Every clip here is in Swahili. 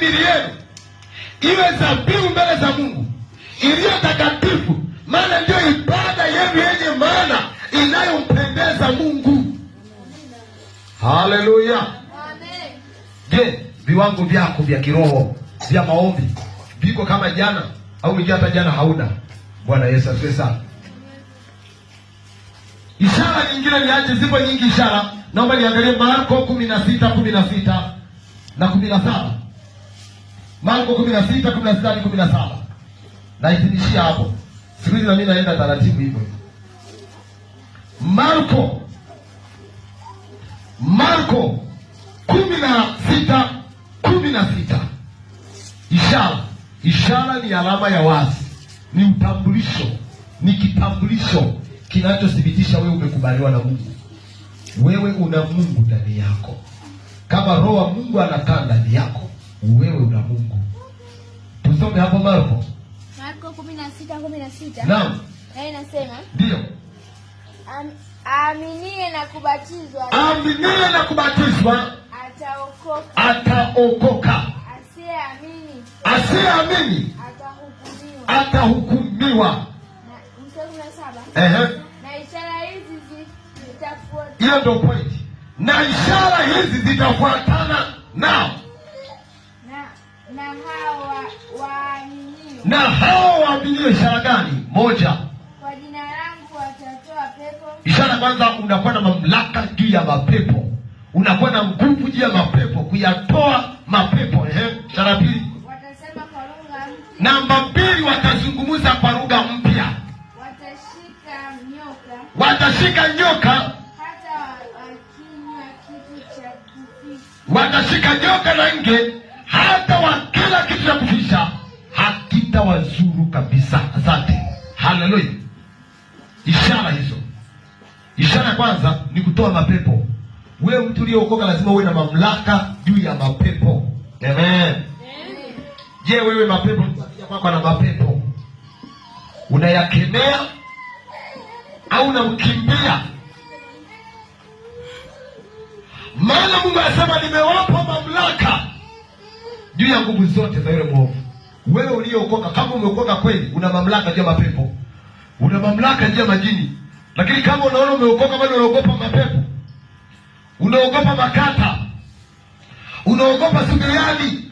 mili yenu iwe dhabihu mbele za Mungu iliyo takatifu, maana ndiyo ibada yenu yenye maana inayompendeza Mungu. Haleluya! Je, viwango vyako vya kiroho vya maombi viko kama jana au mija hata jana hauna? Bwana Yesu asifiwe sana. Ishara nyingine niache, zipo nyingi ishara, naomba niangalie Marko kumi na sita kumi na sita na kumi na saba. Marko 16, 16, saba Naitimishia hapo. Siku hizi na naenda taratibu hivyo. Marko Marko na sita Ishara. Ishara ni alama ya wazi, ni utambulisho, ni kitambulisho kinachothibitisha wewe umekubaliwa na Mungu. Wewe una Mungu ndani yako. Kama roho wa Mungu anakaa ndani yako, wewe una Mungu. Tusome hapo Marko. Marko 16:16. Naam. Na inasema? Ndio. Am, aaminie na kubatizwa. Aaminie na kubatizwa ataokoka. Ataokoka. Asiyeamini. Asiyeamini atahukumiwa. Atahukumiwa. Ehe. Na ishara hizi zitafuata. Hiyo ndio point. Na ishara hizi zitafuatana nao na hao waaminio. Ishara gani? Moja, kwa jina langu watatoa pepo. Ishara kwanza, unakuwa na mamlaka juu ya mapepo, unakuwa na nguvu juu ya mapepo kuyatoa mapepo. Ehe, ishara pili, watasema kwa lugha mpya. Namba mbili, watazungumza kwa lugha mpya. Watashika nyoka, watashika nyoka watashika nyoka na nge msaada wa kila kitu cha kufisha hakitawazuru kabisa. Asante, haleluya. Ishara hizo, ishara ya kwanza ni kutoa mapepo. Wewe mtu uliyookoka lazima uwe na mamlaka juu ya mapepo. Amen. Je, wewe mapepo kwako na mapepo unayakemea au unamkimbia? Maana Mungu anasema nimewapa mamlaka juu ya nguvu zote za yule mwovu. Wewe uliyookoka, kama umeokoka kweli, una mamlaka juu ya mapepo, una mamlaka juu ya majini. Lakini kama unaona umeokoka bado unaogopa mapepo, unaogopa makata, unaogopa suguriani,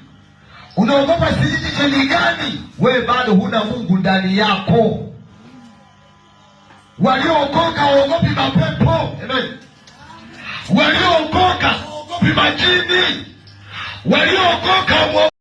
unaogopa sijiji cheni gani, wewe bado huna Mungu ndani yako. Waliookoka waogopi mapepo, waliokoka majini waliookoka